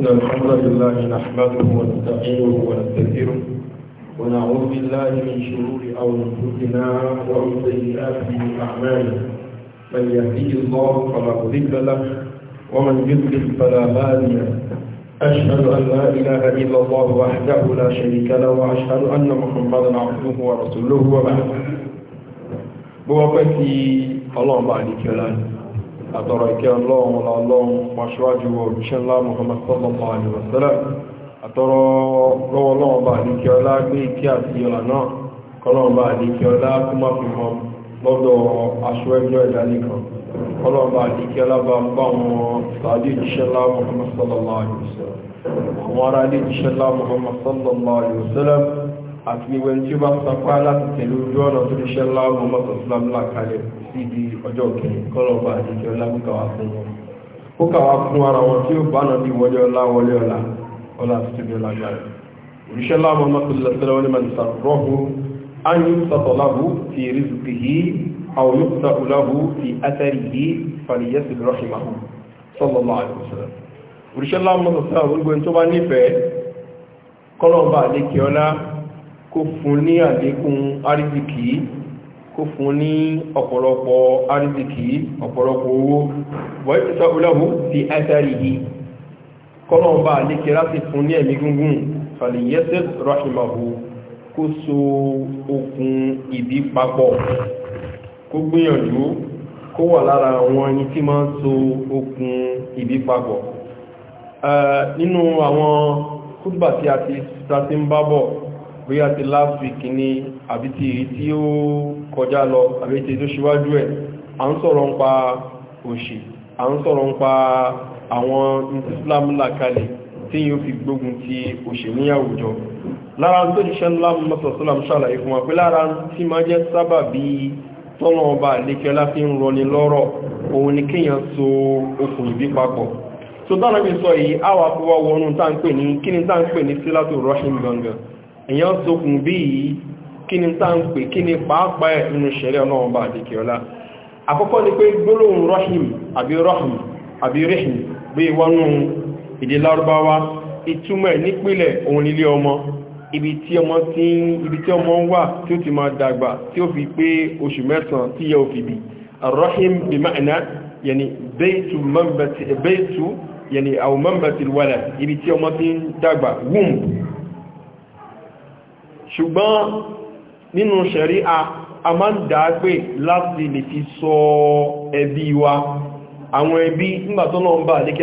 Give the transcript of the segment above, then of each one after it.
إن الحمد لله نحمده ونستعينه ونستغفره ونعوذ بالله من شرور أنفسنا ومن سيئات أعمالنا من يهديه الله فلا مضل له ومن يضلل فلا هادي له أشهد أن لا إله إلا الله وحده لا شريك له وأشهد أن محمدا عبده ورسوله وبعد بوقتي الله عليك يا àtọ̀rọ̀ ìkẹ́ ọlọ́run ọlọ́run pàṣíwájú òrùṣẹ́ ńlá Muhammad sallallahu alaihi wasallam àtọ̀rọ̀ lọ́wọ́ ọlọ́run bá àdíkẹ́ ọlá gbé ìkẹ́ àti ọlà náà kọlọ́run bá àdíkẹ́ ọlá kó má fi mọ́ lọ́dọ̀ aṣọ ẹgbẹ́ ẹ̀dá nìkan kọlọ́run bá àdíkẹ́ ọlá bá ń bá àti ìwẹ̀ tí ó bá sapá láti tẹ̀lé ojú ọ̀nà tó ṣiṣẹ́ láwọn ọmọ ìsìlám náà kalẹ̀ sí ibi ọjọ́ kẹrin kọ́lọ́ba àdìjọ lábúkàwá fún wọn ó kàwá fún ara wọn tí ó bá náà bí wọlé ọlá wọlé ọlá ọlá tó tóbi ọlá gbára òṣìṣẹ́ láwọn ọmọ ìsìlám ní màdìsà rọ́hù ányú sàtọ̀láhù fi rizqihi aw yuqta'u lahu fi atharihi falyasil rahimahu sallallahu alaihi wasallam òṣìṣẹ́ láwọn ọmọ ìsìlám kó fún ní àlékún àrízìkì kó fún ní ọ̀pọ̀lọpọ̀ àrízìkì ọ̀pọ̀lọpọ̀ owó wọ́n ti sọ olóhù ti ẹ́sẹ̀rì yìí kọ́lọ̀mbà lékè láti fún ní ẹ̀mí gúngún fàlìyẹ́sẹ̀ rahimahu kó tí a ti ń bábọ̀ bóyá ti last week ní àbí ti èyí tí ó kọjá lọ àbí ti tó ṣíwájú ẹ̀ à ń sọ̀rọ̀ ń pa òṣì à ń sọ̀rọ̀ ń pa àwọn islam làkalẹ̀ tí yóò fi gbógun ti òṣì ní àwùjọ lára tó ṣiṣẹ́ ńlá mọ́sọ̀sọ́làm ṣàlàyé fún wa so okùn ìbí papọ̀ so dára bí sọ yìí àwà fọwọ́ wọnú táǹpẹ̀ ní kíni táǹpẹ̀ ní sílátò russian gangan èyàn sókùn bí yìí kí ni tá ń pè kí ni pàápàá ẹ̀ nínú ṣẹ̀rẹ̀ ọlọ́run bá àdìkẹ́ ọlá àkọ́kọ́ ni pé gbólóhùn rahim àbí rahim àbí rahim bí wọnú ìdí lárúbáwá ìtumọ̀ nípìlẹ̀ òun nílé ọmọ ibi tí ọmọ tí ibi tí ọmọ ń wà tí ó ti máa dàgbà tí ó fi pé oṣù mẹ́sàn tí yẹ òfìbì rahim bí ma'ana yẹni bẹ́ẹ̀tù mọ́mbẹ̀tì bẹ́ẹ̀tù yẹni àwọn mọ́mbẹ̀tì wàlẹ̀ ibi tí ọmọ ti ń dàgbà womb ṣùgbọ́n nínú ṣẹ̀rí a a máa ń dá pé láti lè fi sọ ẹbí wa àwọn ẹbí nígbàtọ́nà ń bá àdíkí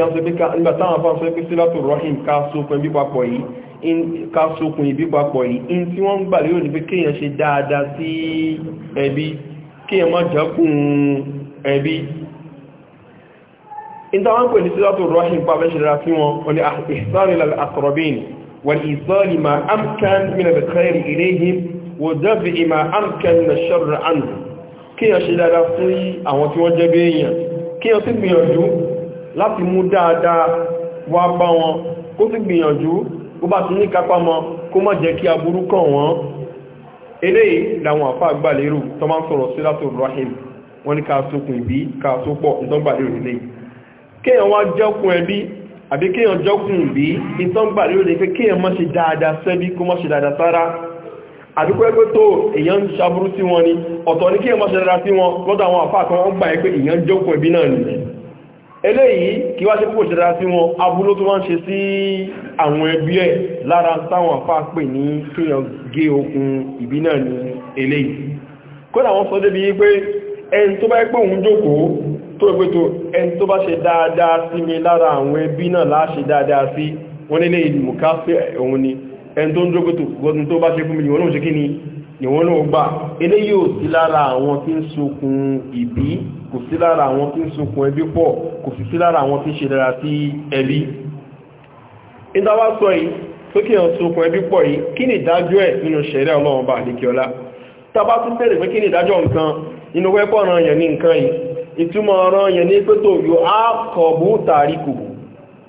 nígbàtàwọn afá sọ pé sílátò rahim ká sókun ẹbí papọ̀ yìí in tí wọ́n ń gbà lérò ní pé kéèyàn ṣe dáadáa sí ẹbí kéèyàn má jẹ́kùn ẹbí in táwọn pè ní rahim pàfẹ́ ṣe dára sí wọn wọ́n ah, والإيصال ما أمكن من الخير إليهم ودفع ما أمكن من الشر عنه kí a ṣe dáadáa fún àwọn tí wọ́n jẹ́ bí èèyàn kí a sì gbìyànjú láti mú dáadáa wá bá wọn kó sì gbìyànjú ó bá ti ní kápá mọ́ kó má jẹ́ kí aburú kàn wọ́n eléyìí làwọn àfá àgbàlérò tó máa ń sọ̀rọ̀ sí látò rahim wọ́n ní ká sókùn ìbí ká sópọ̀ ìtọ́gbàlérò nílé kéèyàn wá jẹ́kùn ẹbí àbí kéèyàn jọ́kùn bí ìtọ́ngbà lórí ní pé kéèyàn má ṣe dáadáa sẹ́bí kó má ṣe dáadáa sára àdúgbò ẹgbẹ́ tó èèyàn ń sí wọn ni ọ̀tọ̀ ní kéèyàn má ṣe dáadáa sí wọn lọ́dọ̀ àwọn àfáà kan wọ́n gbà ẹ pé èèyàn jọ́kùn ẹbí náà nìyẹn eléyìí kí wá ṣe púpọ̀ ṣe dáadáa sí wọn abúló tó wá ń ṣe sí àwọn ẹbí ẹ̀ lára táwọn àfáà pè ní kéèyàn gé okùn ìbí náà ní eléyìí kódà wọ́n sọ débi pé ẹni tó bá yẹ pé òun jókòó tó ẹgbẹ́ tó ẹni tó bá ṣe dáadáa sí mi lára àwọn ẹbí náà láṣe dáadáa sí wọ́n nílé ìmùká fẹ́ òun ni ẹni tó ń drógbótò gbọ́dún tó bá ṣe fún mi ìwọ̀n náà ni ìwọ̀n náà gbà ilé yóò sí lára àwọn tí ń sokùn ìbí kò sí lára àwọn tí ń sokùn ẹbí pọ̀ kò sì sí lára àwọn tí ń ṣe dára sí ẹbí ìdáwà sọ yìí tó kí ẹ̀ sokùn ẹbí pọ̀ yìí kí ni ìdájọ́ ẹ̀ nínú ṣẹ̀rẹ́ ọlọ́run bá àdékíọlá tá pé kí ni ìdájọ́ nǹkan inú wẹ́pọ̀ ọ̀ràn yẹn ní nǹkan yìí ìtumọ̀ ọ̀rọ̀ yẹn ní pé tó yóò á kọ̀bù tàrí kùbù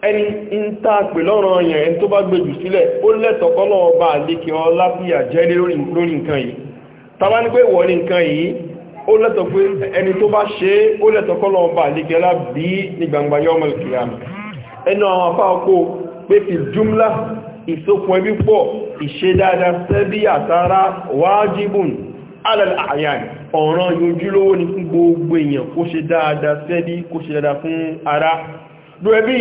ẹni ń tàpè lọ́rọ̀ yẹn ẹni tó bá gbèjù sílẹ̀ ó lẹ́tọ̀kọ́lọ̀ ọba àlékè ọlá bí àjẹ́ lórí nǹkan yìí tàbá ní pé wọ̀ ní nǹkan yìí ó lẹ́tọ̀ pé ẹni tó bá ṣe ó ọ̀ràn yojúlówó ni fún gbogbo èèyàn kó ṣe dáadáa sẹ́bí kó ṣe dáadáa fún ara lórí bí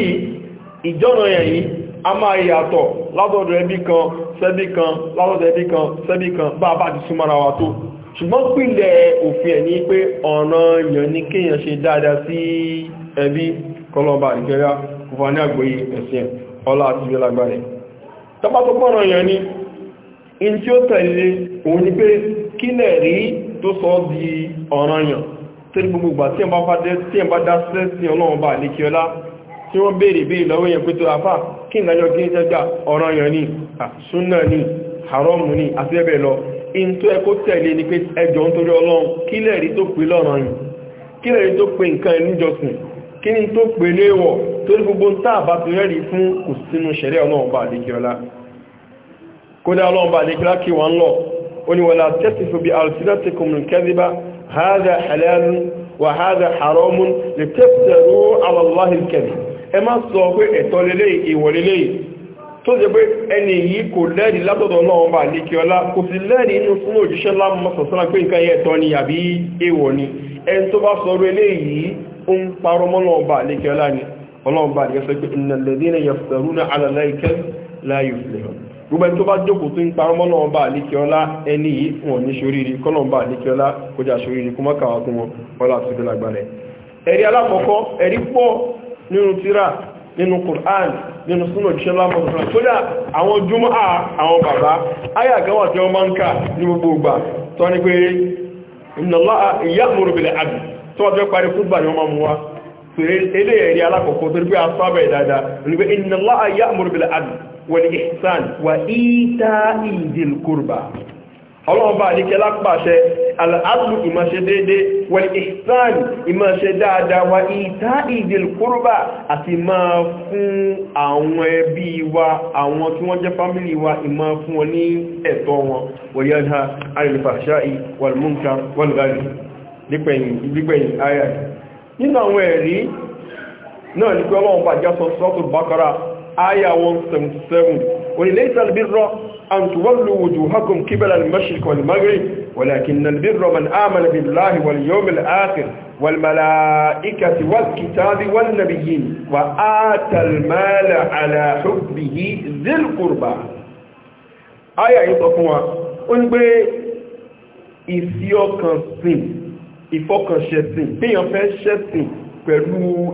ìjọ́nà yẹn yìí a máa yàtọ̀ látọ̀dọ̀ ẹbí kan sẹ́bí kan látọ̀dọ̀ ẹbí kan sẹ́bí kan bá a bá ti súnmọ́ra wa tó ṣùgbọ́n pìlẹ̀ òfin ẹ̀ ní pé ọ̀ranyàn ní kéèyàn ṣe dáadáa sí ẹbí kọlọmbà ìjẹra ní àgbóyé tó sọ di ọ̀ranyàn tí gbogbo ìgbà tí ẹ̀mbá fàdé tí ẹ̀mbá dá sẹ́sìn ọlọ́run bá lè kíọlá tí wọ́n béèrè bí ìlọ́wọ́ yẹn pé tó afá kí ìdájọ́ kí ní jẹ́gbà ọ̀ranyàn ni súnà ni haramu ni àti ẹ̀bẹ̀ lọ in tó ẹkọ́ tẹ̀lé ni pé ẹjọ́ ń torí ọlọ́run kí lẹ́rí tó pè ولا تتف بألسنتكم الكذبة هذا حلال وهذا حرام لتفتروا على الله الكذب اما صوبه اتوللي ايوللي tó jẹ́ pé ẹni yìí kò lẹ́rìí látọ̀dọ̀ náà bá ní kí ọlá kò sí lẹ́rìí inú fún òjíṣẹ́ lámọ́sọ̀sọ́lá pé nǹkan yẹ tọ́ ni àbí èèwọ̀ ni ẹni tó bá sọ̀rọ̀ eléyìí ó ń parọ́ mọ́ náà bá ní kí ọlá ni ọlọ́run bá ní ẹsẹ́ pé innal ladhina yaftaruna ala Allahi al la yuflihun gbogbo ẹni tó bá jókòó tó ń pa ọmọ náà bá àlékiọlá ẹni yìí wọn ní ṣoríire kọ́nà bá àlékiọlá kọjá ṣoríire kó mọ́kàwá fún wọn ọlá tó dé lágbàrẹ̀ ẹ̀rí alákọ̀ọ́kọ́ ẹ̀rí pọ̀ nínú tíra nínú Qur'an nínú súnà ìṣẹ́lá ni wọ́n máa mú wá ilé ẹ̀rí alákọ̀ọ́kọ́ tó rí pé a sábẹ̀ dáadáa ní pé ìnàláà wal-ihsan wa ita'i dhil qurba ọlọ́run bá ní kẹlá pàṣẹ al'adlu ìmáṣe dédé wal ihsan ìmáṣe dáadáa wa ita'i dhil qurba àti máa fún àwọn ẹbí wa àwọn tí wọ́n jẹ́ fámílì wa ìmá fún wọn ní ẹ̀tọ́ wọn wa yanha aya 177 wani laisal birra an tuwallu wujuhakum qibala al-mashriq wal maghrib walakin al-birra man amana billahi wal yawmil akhir wal malaikati wal kitabi wan nabiyyin wa ata al-mala ala hubbihi dhil qurba aya yìí sọ fún wa ó ń gbé ìfiọkànsìn ìfọkànṣẹ̀sìn bí èèyàn fẹ́ ṣẹ̀sìn pẹ̀lú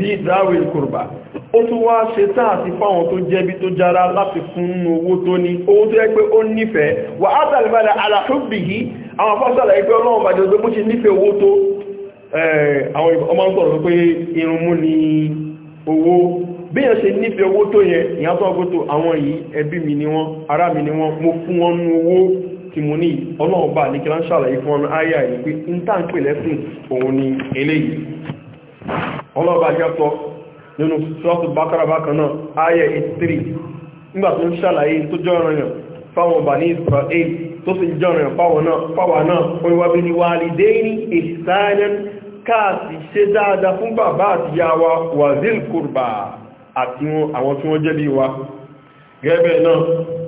zi dáwìl kùrbà ó tún wá ṣe tán àti fáwọn tó jẹ́bi tó jára láti fún owó tó ní owó tó yẹ ó nífẹ̀ẹ́ wà á tàbíbàdà aláhùbìhì àwọn afọ́sàlẹ̀ ẹgbẹ́ ọlọ́run bàjẹ́ tó bó ṣe nífẹ̀ẹ́ owó tó àwọn ọmọ ni owó bí yẹn ṣe nífẹ̀ẹ́ owó tó yẹn ìyá tó ọgbó tó àwọn yìí ẹbí mi ni wọ́n ará mi ni wọ́n mo fún wọn nú owó tí mo ní ọlọ́run ní kí lá ń ṣàlàyé fún ọmọ ayé àyè pé ń tà pè lẹ́sìn òun ni eléyìí ọlọ́ọ̀bá jẹ́ sọ nínú sọ́ọ̀tù bákàrà bákan náà ayẹ̀ 83 nígbà tó ń ṣàlàyé tó jọ́ràn yàn fáwọn bàní Israel tó sì jọ́ràn yàn fáwọn náà fáwọn náà oníwábí ni wàlìdéní ihsanan káàsì ṣe dáadáa fún bàbá àti ìyá wa wazil kurba àti àwọn tí wọ́n jẹ́bí wa gẹ́gẹ́ náà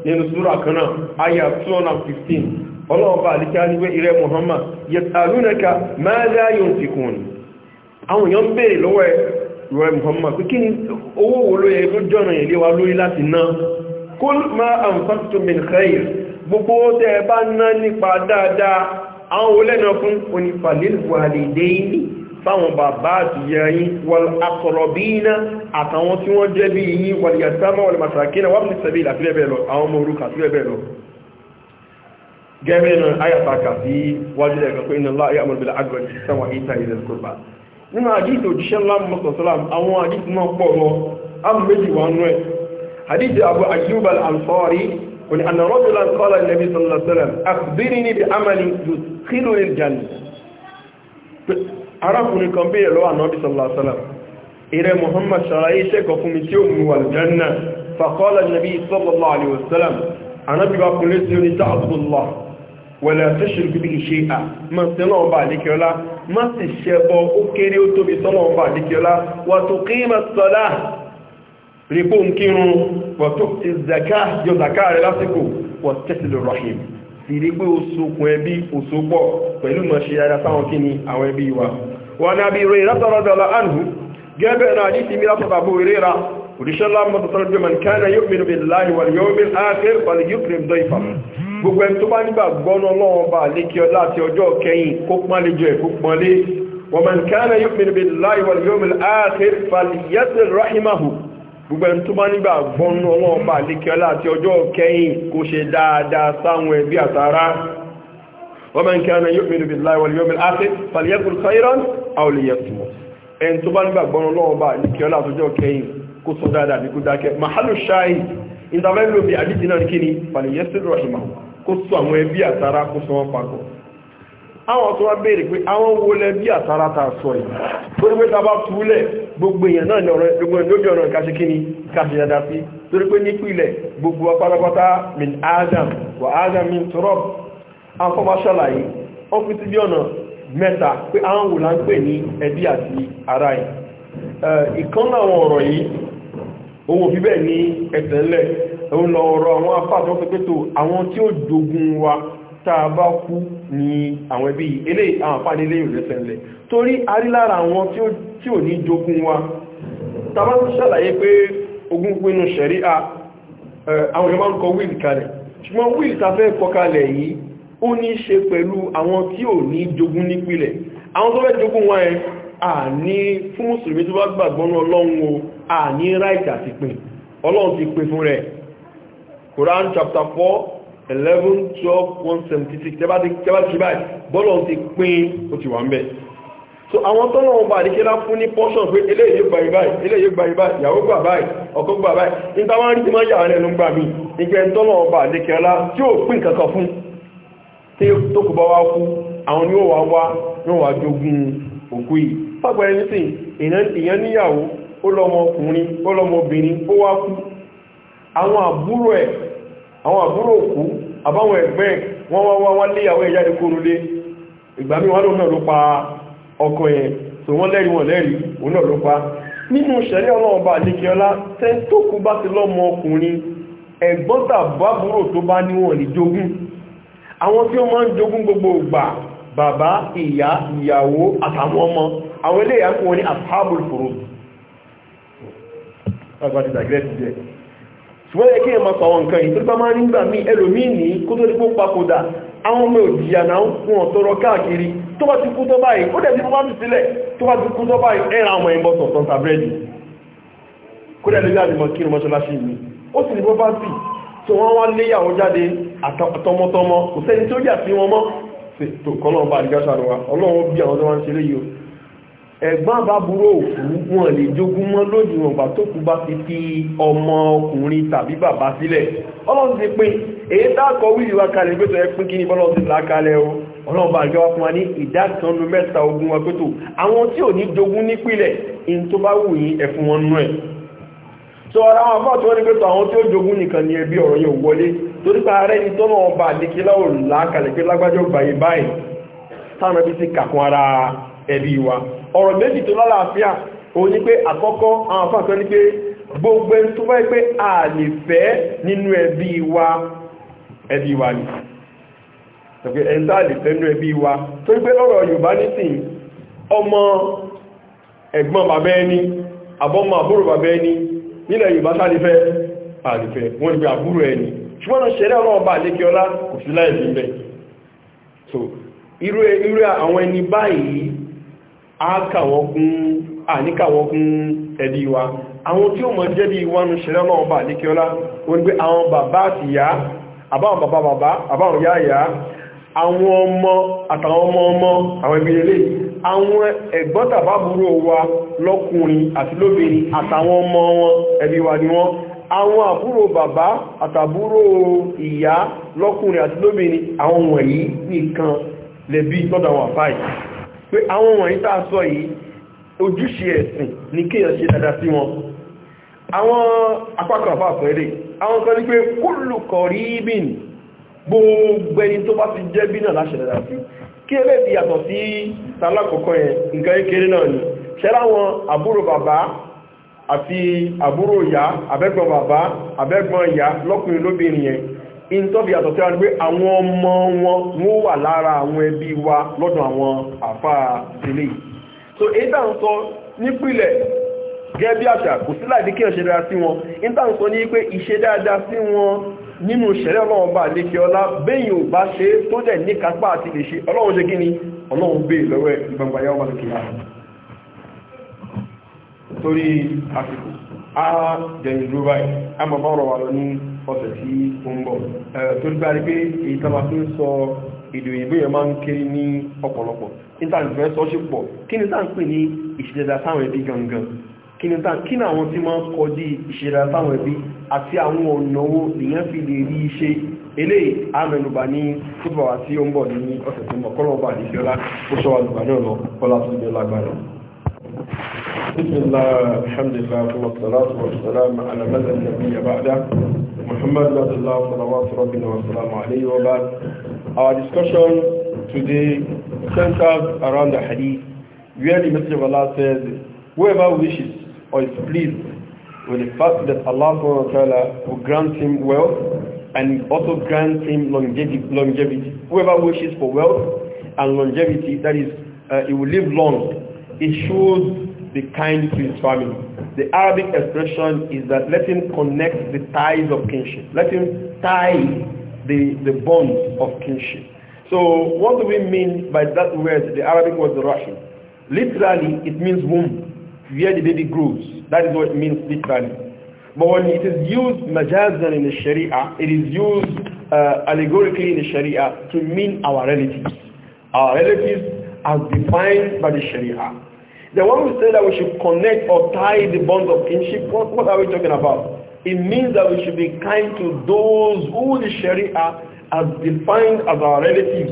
nínú súra kan náà ayà 215 ọlọ́ọ̀bá àdíkà níwé ìrẹ́ Muhammad yẹ̀tàlúnẹ̀ka máa láyọ̀ tìkùnrin àwọn èèyàn béèrè lọ́wọ́ ẹ̀ rẹ̀ Muhammad pé kí ni owó wo ló yẹ lójọ́ ọ̀nà ìlé wa lórí láti ná kul ma anfaqtum min khair gbogbo tẹ́ ẹ bá ná nípa dáadáa àwọn olẹ́nà fún onífàlẹ́ walidaini fáwọn bàbá àtìyà yìí wal aqrabina àtàwọn tí wọ́n jẹ́ bí yìí wal gẹ́gẹ́ ayàtàkà sí wájú ẹ̀kọ́ pé inna Allah ya'muru bil 'adli wal nínú àdíjì òjíṣẹ́ ńlá mọ́sọ̀sọ́lám àwọn àdíjì náà pọ̀ lọ áàmù méjì wà nú ẹ̀ àdíjì Abu Ayyub al-Ansari òní anna rajulan qala an-nabi sallallahu alaihi wasallam akhbirni bi amalin yudkhiluni al-janna arákùnrin kan bèèrè lọ́wọ́ ànábì sallallahu alaihi wasallam ìrẹ Muhammad ṣàlàyé iṣẹ́ kan fún mi tí ó mú wà wala tushrik bihi shay'a má sí lọ́wọ́ bá àdíkíọ́lá má sì ṣẹbọ ó kéré ó tóbi sọ́lọ́wọ́ bá àdíkíọ́lá wa tuqima as-salah rípò ń kírun wa tu'ti az-zakah yọ zaka rẹ̀ lásìkò wa tasilu rahim sì rí pé oṣokùn ẹbí oṣopọ̀ pẹ̀lú mọ̀ ṣe yára sáwọn kí ni àwọn ẹbí wa wa na Abi Hurayrah radhiyallahu anhu gẹ́gẹ́ náà ní gbogbo ẹni tó bá nígbà gbọ́nà ọlọ́wọ́n bá lékí ọlá àti ọjọ́ kẹyìn kó pánlẹ́jọ ẹ̀kú pánlé wa man kana yu'minu billahi wal yawmil akhir falyasil rahimahu gbogbo ẹni tó bá nígbà gbọ́nà ọlọ́wọ́n bá lékí ọlá àti ọjọ́ kẹyìn kó ṣe dáadáa sáwọn ẹbí àtàrà wa man kana yu'minu billahi bí kó dákẹ́ mahalu shahid ìdàmẹ́lò bí àdíjì náà kí ni fàlìyẹ́sì rọ̀ṣìmáwò kó so àwọn ẹbí àtàrà kó so wọn papọ̀ àwọn tó wá béèrè pé àwọn ta sọ yìí torí pé tàbá gbogbo èèyàn náà ní ọ̀rọ̀ gbogbo lójú ọ̀rọ̀ ìkàṣe kíni kàṣe sí torí pé gbogbo apátápátá min adam wà adam min turab bí ọ̀nà mẹ́ta pé àwọn la ń pè ní ara ìkan ọ̀rọ̀ yìí òun lọ ọ̀rọ̀ àwọn afáàtọ́ pé pẹ́tò àwọn tí ó jogun wa tàà bá kú ní àwọn ẹbí ilé àwọn àpáàdé ilé ìrẹsẹ̀lẹ̀ torí arílára àwọn tí ò ní jogun wa tàbá ń ṣàlàyé pé ogún pinnu ṣẹ̀rí à àwọn èèyàn máa ń kọ wíìlì kalẹ̀ ṣùgbọ́n wíìlì ta fẹ́ kọ kalẹ̀ ọlọ́run ti pin fún rẹ̀ Quran chapter four eleven twelve one seventy six tẹ́bá ti tẹ́bá ti báyìí bọ́lọ̀ ti pín ó ti wà ń bẹ̀. so àwọn tọ́lọ̀ ọba àdíkẹ́lá fún ní portion pé eléyìí gba ìbáyìí eléyìí gba ìbáyìí ìyàwó gba báyìí ọkọ gba báyìí níta wọ́n rí ti máa yà rẹ̀ ló ń gbà mí ìgbẹ́ tọ́lọ̀ ọba àdíkẹ́lá tí ó pín kankan fún tí tó kò bá wá kú àwọn ni ó wà wá ní wà jogun òkú yìí fàgbẹ̀rẹ̀ nísìn ìyẹn níyàwó ó lọ́mọ ó lọ́mọ ó wá kú àwọn àbúrò ẹ̀ àwọn àbúrò òkú àbáwọn ẹ̀gbẹ́ wọ́n wá wá wálé àwọn ẹ̀yà ìkórulé ìgbà mí wọ́n náà ló pa ọkọ yẹn tó wọ́n lẹ́rìí wọ́n lẹ́rìí òun náà ló pa nínú ìṣẹ̀lẹ̀ ọlọ́run bá àdékẹ́ọlá tẹ́ tó kú bá ti lọ́mọ ọkùnrin ẹ̀gbọ́n tàbábúrò tó bá níwọ̀n ní jogún àwọn tí ó máa ń jogún gbogbo ìgbà bàbá ìyá ìyàwó àtàwọn ọmọ àwọn ilé ìyàkùn wọn ní àtàbùrù fòrò ṣùgbọ́n yẹ kí ẹ máa pàwọn nǹkan yìí tó bá máa nígbà mí ẹlòmí ní kó tó dípò papòdà àwọn ọmọ òjìyà náà fún ọ̀tọ́rọ káàkiri tó bá ti kú tó báyìí ó dẹ̀ ti mọ́ bábì sílẹ̀ tó bá ti kú tó báyìí ẹ̀ràn àwọn ẹ̀mọ́ sọ̀tọ̀ tàbẹ́ẹ̀dì kó dẹ̀ ẹ̀gbọ́n bàbúrò òkú wọn lè jogún mọ́ lónìí wọn gbà tó kú bá ti fi ọmọ ọkùnrin tàbí bàbá sílẹ̀ ọlọ́run ti pín èyí dákọ̀ wíìlì wa kalẹ̀ pé tó kí ní bọ́lọ́run ti là o ọlọ́run bá gẹ́wà fún wa ní ìdá kan nínú mẹ́ta ogún wa pé tó àwọn tí so ara wọn fọ́ tí wọ́n ní pé àwọn tí ó jogún nìkan ni ẹbí ọ̀rọ̀ yóò wọlé torí pa ara ẹni tọ́nà ọba àdékílá ò là kalẹ̀ pé lágbájọ́ gbàyè báyìí táwọn ẹbí ti kàkún ara ẹbí wa ọ̀rọ̀ méjì tó lálàáfíà o ní pé àkọ́kọ́ àwọn afáàkọ́ ní pé gbogbo ẹni tó fẹ́ pé a lè fẹ́ nínú ẹbí wa ẹbí wa ni ẹgbẹ́ ẹni tó a lè fẹ́ nínú ẹbí wa tó ní pé lọ́rọ̀ Yorùbá nísìn ọmọ ẹ̀gbọ́n bàbá ẹni àbọ́mọ àbúrò bàbá ẹni nílẹ̀ Yorùbá sáà lè fẹ́ àlùfẹ́ wọ́n ní pé àbúrò ẹni ṣùgbọ́n ṣẹ̀rẹ́ ọlọ́run bá lékẹ́ ọlá irú àwọn ẹni báyìí àkàwọ́ kún àníkàwọ́ kún ẹ̀dí wa àwọn tí ó mọ̀ jẹ́ bí wọnú ṣẹlẹ́ náà bà ní kíọ́lá wọ́n gbé àwọn bàbá àti ìyá àbáwọn bàbá bàbá àbáwọn yá yá àwọn ọmọ àtàwọn ọmọ ọmọ àwọn ẹbí ilé àwọn ẹ̀gbọ́n tàbábúrò wa lọ́kùnrin àti lóbìnrin àtàwọn ọmọ wọn ẹbí wa ni wọ́n àwọn àbúrò bàbá pé àwọn wọ̀nyí tá a sọ yìí ojúṣe ẹ̀sìn ní kéèyàn ṣe dáadáa sí wọn àwọn apákan àfáàfún eré àwọn kan ní pé kúlù kọ̀rí bìn gbogbo ẹni tó bá ti jẹ́ bí láṣẹ dáadáa sí kí ẹ bẹ́ẹ̀ yàtọ̀ sí tàlákọ̀ọ́kọ́ yẹn nǹkan kékeré náà ni ṣẹ́lá wọn àbúrò bàbá àti àbúrò ìyá abẹ́gbọ̀n bàbá abẹ́gbọ̀n ìyá lọ́kùnrin lóbìnrin yẹn ìntọ́bí àtọ̀tẹ́ wọn pé àwọn ọmọ wọn wọ́n wà lára àwọn ẹbí wa lọ́dọ̀ àwọn àfáà tẹ́lẹ̀ so èyí tàn sọ nípìlẹ̀ gẹ́gẹ́ bí àṣà kò sí láìdí kí ọ̀ṣẹ́ dáadáa sí wọn ní tàn sọ ní pé ìṣe dáadáa sí wọn nínú ìṣẹ̀lẹ̀ ọlọ́run bá lè kí ọlá bẹ́yìn ò a jẹ̀yìn dúró báyìí a mọ̀ bọ́ọ̀rọ̀ wà lọ ní ọ̀sẹ̀ tí ó ń bọ̀ tó ń gbárí pé èyí tá máa fi ń sọ èdè òyìnbó yẹn máa ń kéré ní ọ̀pọ̀lọpọ̀ nítorí fẹ́ sọ sí pọ̀ kí ni táà ń pè ní ìṣẹ̀dá sáwọn ẹbí gangan kí ni táà kí ni àwọn tí máa ń kọjú ìṣẹ̀dá sáwọn ẹbí àti àwọn ọ̀nà wo nìyẹn fi lè rí iṣẹ́ eléyìí àmẹnubà ní fútbọ̀wá ọ̀sẹ̀ tó ń kọ́lọ̀ ọba àdìsíọ́lá ó ṣọ́wà lùgbà náà lọ kọ́lá tó ń bẹ بسم الله الحمد لله والصلاة والسلام على من النبي بعده Muhammad sallallahu sallallahu alayhi wa sallam Our discussion today centers around the hadith where the Messenger of Allah says whoever wishes or is pleased with the fact that Allah ta'ala will grant him wealth and also grant him longevity. Whoever wishes for wealth and longevity, that is, uh, he will live long it shows the kind to his family. The Arabic expression is that let him connect the ties of kinship. Let him tie the, the bonds of kinship. So what do we mean by that word, the Arabic word the Russian? Literally, it means womb, where the baby grows. That is what it means literally. But when it is used majazan in the Sharia, it is used uh, allegorically in the Sharia to mean our relatives. Our relatives are defined by the Sharia. The one we say that we should connect or tie the bonds of kinship, what, what are we talking about? It means that we should be kind to those who the Sharia has defined as our relatives.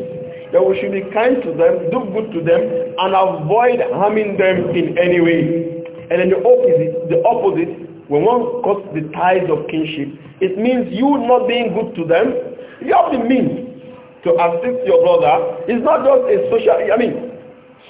That we should be kind to them, do good to them, and avoid harming them in any way. And then the opposite, the opposite, when one cuts the ties of kinship, it means you not being good to them. You have the means to assist your brother. It's not just a social, I mean,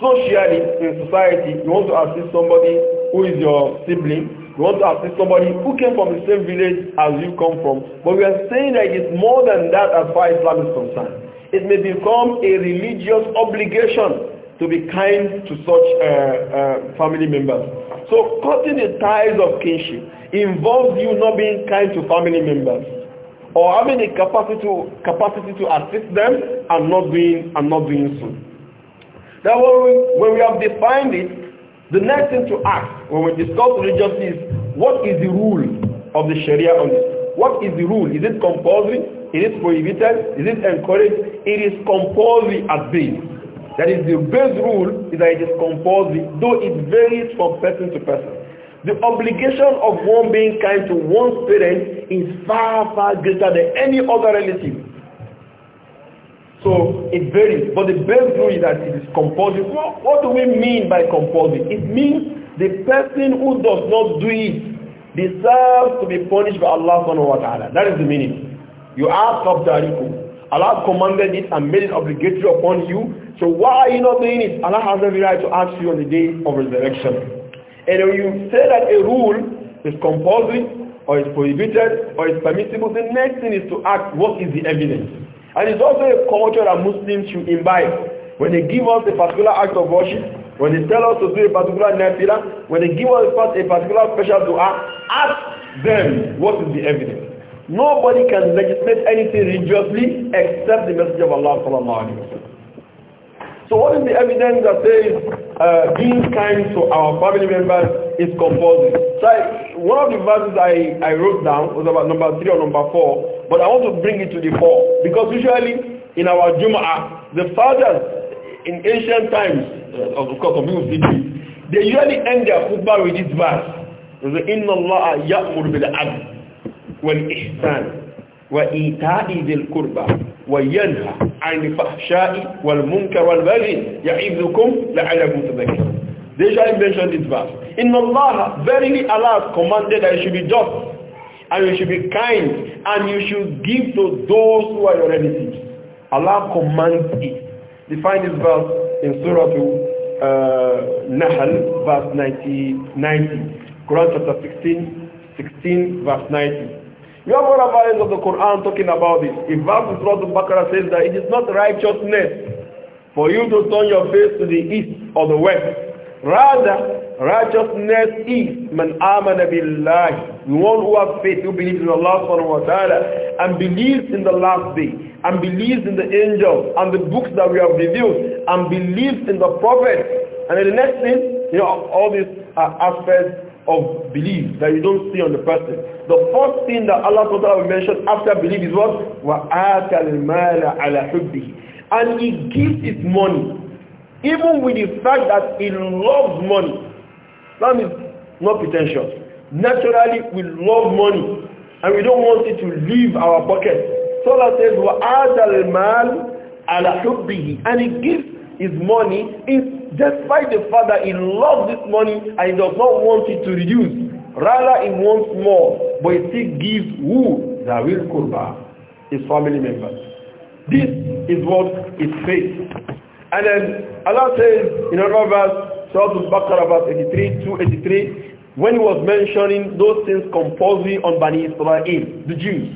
Socially in society, you want to assist somebody who is your sibling. You want to assist somebody who came from the same village as you come from. But we are saying that it's more than that as far as Islam is concerned. It may become a religious obligation to be kind to such uh, uh, family members. So cutting the ties of kinship involves you not being kind to family members or having the capacity to, capacity to assist them and not doing, and not doing so. That when we, when we have defined it, the next thing to ask when we discuss religion is, what is the rule of the Sharia on this? What is the rule? Is it compulsory? Is it prohibited? Is it encouraged? It is compulsory at base. That is the base rule is that it is compulsory, though it varies from person to person. The obligation of one being kind to one's parent is far, far greater than any other relative. So it varies. But the best rule is that it is compulsory. What, what do we mean by compulsory? It means the person who does not do it deserves to be punished by Allah subhanahu wa ta'ala. That is the meaning. You ask are Qabdarikum. Allah commanded it and made it obligatory upon you. So why are you not doing it? Allah has every right to ask you on the day of resurrection. And when you say that a rule is compulsory or is prohibited or is permissible, the next thing is to ask what is the evidence. And it's also a culture that Muslims should imbibe. When they give us a particular act of worship, when they tell us to do a particular nafila, when they give us a particular special dua, ask them what is the evidence. Nobody can legislate anything religiously except the message of Allah sallallahu wa wasallam. So what is the evidence that says uh, being kind to our family members is compulsory? So I, one of the verses I, I wrote down was about number three or number four, but I want to bring it to the four because usually in our Jum'ah, the fathers in ancient times, uh, of course, of people they usually end their football with this verse. They say, Inna Allah ya'mur bil adl wal ihsan وإيتاء ذي القربى وينهى عن الفحشاء والمنكر والبغي يعظكم لعلكم تذكرون They shall mention this verse. In Allah, verily Allah has commanded that you should be just, and you should be kind, and you should give to those who are your relatives. Allah commands it. You find this verse in Surah uh, Nahl, verse 90, 90. Quran chapter 16, 16, verse 90. We have other verses of the Quran talking about this. Imam Surah Al-Baqarah says that it is not righteousness for you to turn your face to the east or the west. Rather, righteousness is man amana billahi. The one who has faith, who believes in Allah subhanahu wa ta'ala and believes in the last day and believes in the angels and the books that we have revealed and believes in the prophet. And then the next thing, you know, all these uh, aspects of belief that you don't see on the person. The first thing that Allah Ta'ala will mention after belief is what? وَآتَ الْمَالَ عَلَى حُبِّهِ And he gives his money, even with the fact that he loves money. That means not pretentious. Naturally, we love money and we don't want it to leave our pocket. So Allah says, وَآتَ الْمَالَ عَلَى حُبِّهِ And he gives his money is despite the fact that he loves this money and he does not want it to reduce. Rather, he wants more, but he still gives who? The real kurba, his family members. This is what is faith. And then Allah says in another verse, Surah Al-Baqarah verse 83, 283, when he was mentioning those things compulsory on Bani Israel, the Jews.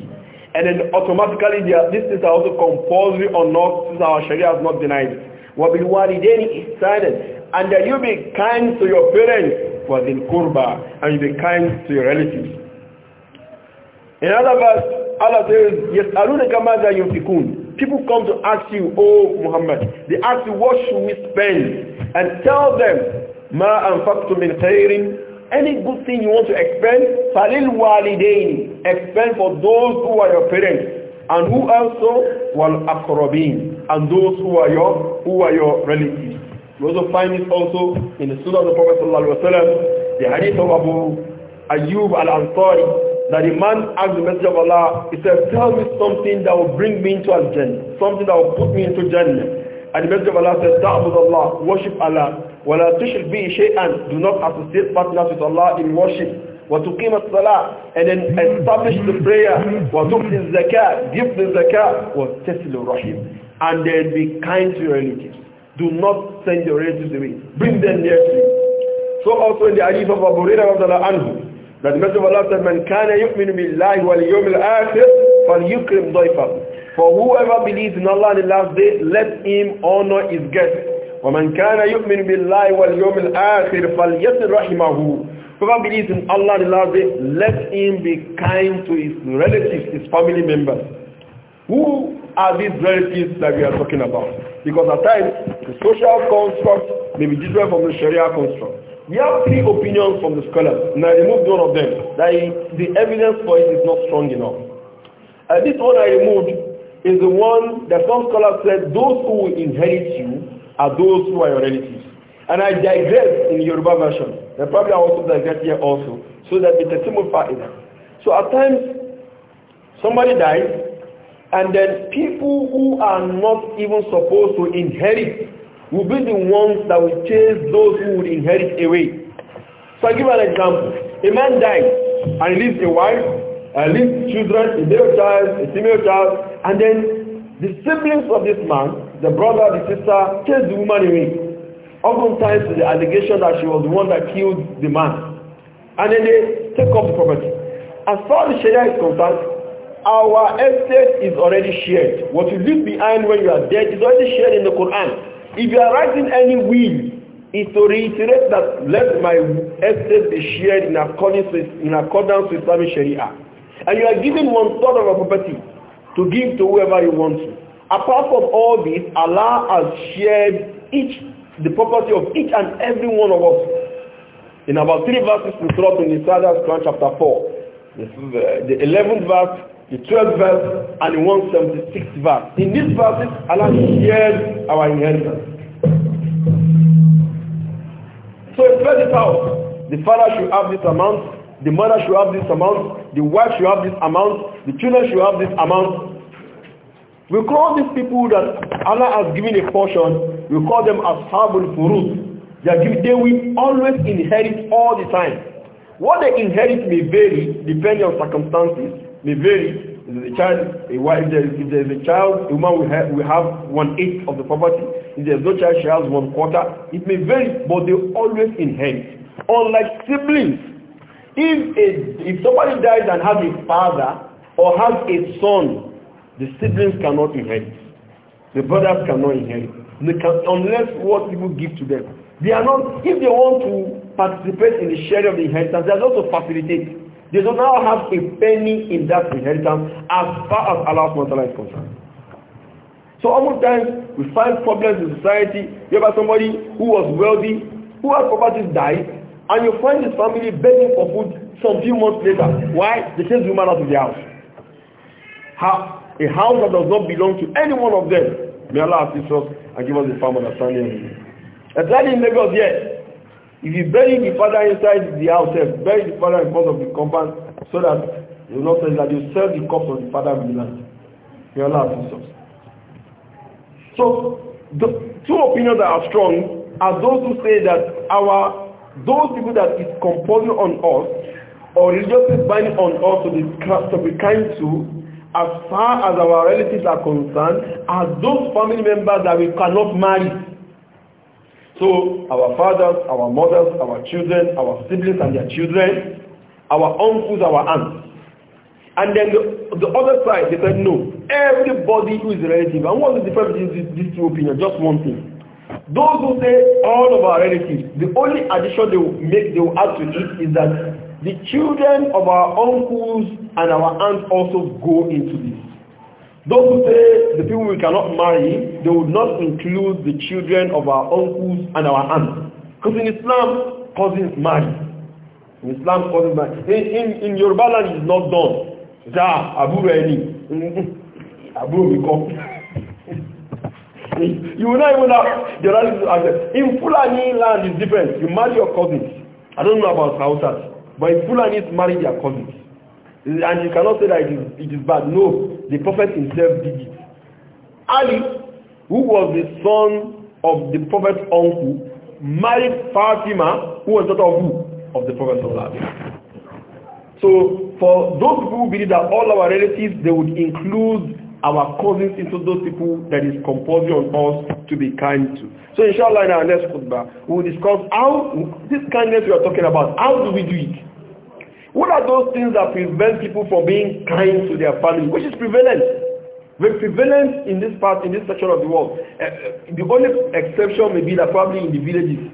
And then automatically these things are also compulsory on us since our Sharia has not denied it. وبالوالدين إحسانا and that you be kind to your parents وذي القربى and you be kind to your relatives in other verse Allah says يسألونك ماذا ينفقون people come to ask you oh Muhammad they ask you what should we spend and tell them ما أنفقتم من خير any good thing you want to expend falil walidain expend for those who are your parents and who also wal aqrabin and those who are your who are your relatives. You also find it also in the Sunnah of the Prophet ﷺ, the hadith of Abu Ayyub al-Ansari, that a man asked the Messenger of Allah, he said, tell me something that will bring me into jannah something that will put me into Jannah. And the Messenger of Allah said, Ta'bud Allah, worship Allah, wa la tushrik bihi shay'an, do not associate partners with Allah in worship وتقيم الصلاة and then establish the prayer وتؤتي الزكاة give the zakah وتسل rahim and then be kind to your relatives. Do not send your relatives away. Bring them near to you. So also in the hadith of Abu Hurairah anhu, that the Messenger of Allah said, "Man kana yu'minu billahi wal al akhir fal yukrim dayfahu." For whoever believes in Allah and the last day, let him honor his guest. Man وَمَنْ كَانَ يُؤْمِنُ بِاللَّهِ وَالْيَوْمِ الْآخِرِ فَلْيَسْرْ رَحِمَهُ Whoever believes in Allah and the last day, let him be kind to his relatives, his family members. Who are these very things that we are talking about. Because at times, the social construct may be different from the Sharia construct. We have three opinions from the scholars, and I removed one of them. That the evidence for it is not strong enough. And this one I removed is the one that some scholars said those who will inherit you are those who are your relatives. And I digress in Yoruba version. And probably I also digress here also, so that it's a simple fact. So at times, somebody dies, And then people who are not even supposed to inherit will be the ones that will chase those who would inherit away. So I give an example. A man dies and leaves a wife, and uh, leaves children, a male child, a female child, and then the siblings of this man, the brother, the sister, chase the woman away. Oftentimes with the allegation that she was the one that killed the man. And then they take up the property. As far as the Sharia is concerned, our estate is already shared. What you leave behind when you are dead is already shared in the Quran. If you are writing any will, it's to reiterate that let my estate be shared in accordance with, in accordance with Islamic Sharia. And you are giving one third of a property to give to whoever you want to. Apart from all this, Allah has shared each, the property of each and every one of us. In about three verses in Surah An-Nisa, chapter 4. the, the 11th verse the 12th verse and the 176th verse. In these verses, Allah shares our inheritance. So spread it out. The father should have this amount, the mother should have this amount, the wife should have this amount, the children should have this amount. We call these people that Allah has given a portion, we call them as Ashabul Furud. They will always inherit all the time. What they inherit may vary depending on circumstances may vary. If there a child, a wife, if there if there is a child, a woman will have, will have one-eighth of the property. If there is no child, she has one quarter. It may vary, but they always inherit. Unlike siblings, if, a, if somebody dies and has a father or has a son, the siblings cannot inherit. The brothers cannot inherit. Can, unless what people give to them. They are not, if they want to participate in the sharing of the inheritance, they are not to facilitate. They do not have a penny in that inheritance as far as Allah's SWT is concerned. So times we find problems in society. You have somebody who was wealthy, who has properties died, and you find his family begging for food some few months later. Why? They chase the woman out of the house. How? A house that does not belong to any one of them. May Allah assist us and give us the firm understanding. Especially in Lagos, yes. If you bury the father inside the house, eh, bury the father in front of the compound so that you will say that you sell the corpse of the father in the land. May Allah assist us. So the two opinions that are strong are those who say that our those people that is composing on us or religiously binding on us to be, to be kind to as far as our relatives are concerned are those family members that we cannot marry So our fathers, our mothers, our children, our siblings and their children, our uncles, our aunts. And then the, the other side, they said, no, everybody who is a relative. And what is the difference between these two opinions? Just one thing. Those who say all of our relatives, the only addition they will make, they will add to it is that the children of our uncles and our aunts also go into this. Those who say the people we cannot marry, they would not include the children of our uncles and our aunts. Because in Islam, cousins marry. In Islam, cousins marry. In, in, in Yoruba land, it's not done. Ja, Abu Reni. Abu Miko. You will not even have the reality. In Fulani land, it's different. You marry your cousins. I don't know about Sausas, but in Fulani, marry their cousins. And you cannot say that it is, it is bad. No, the prophet himself did it. Ali, who was the son of the prophet's uncle, married Fatima, who was daughter of who? Of the prophet Sallallahu So for those people who believe that all our relatives, they would include our cousins into those people that is compulsory on us to be kind to. So inshallah in our next khutbah, we will discuss how this kindness we are talking about, how do we do it? What are those things that prevent people from being kind to their family, which is prevalent? The prevalence in this part, in this section of the world, uh, the only exception may be that probably in the villages.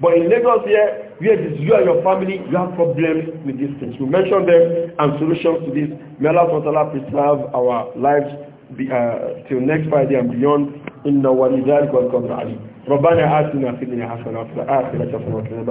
But in Lagos here, where it is you and your family, you have problems with these things. We mentioned them and solutions to this. May Allah SWT preserve our lives be, uh, till next Friday and beyond. إن ولذلك والقدر عليم ربنا آتنا في الدنيا حسنة وفي الآخرة حسنة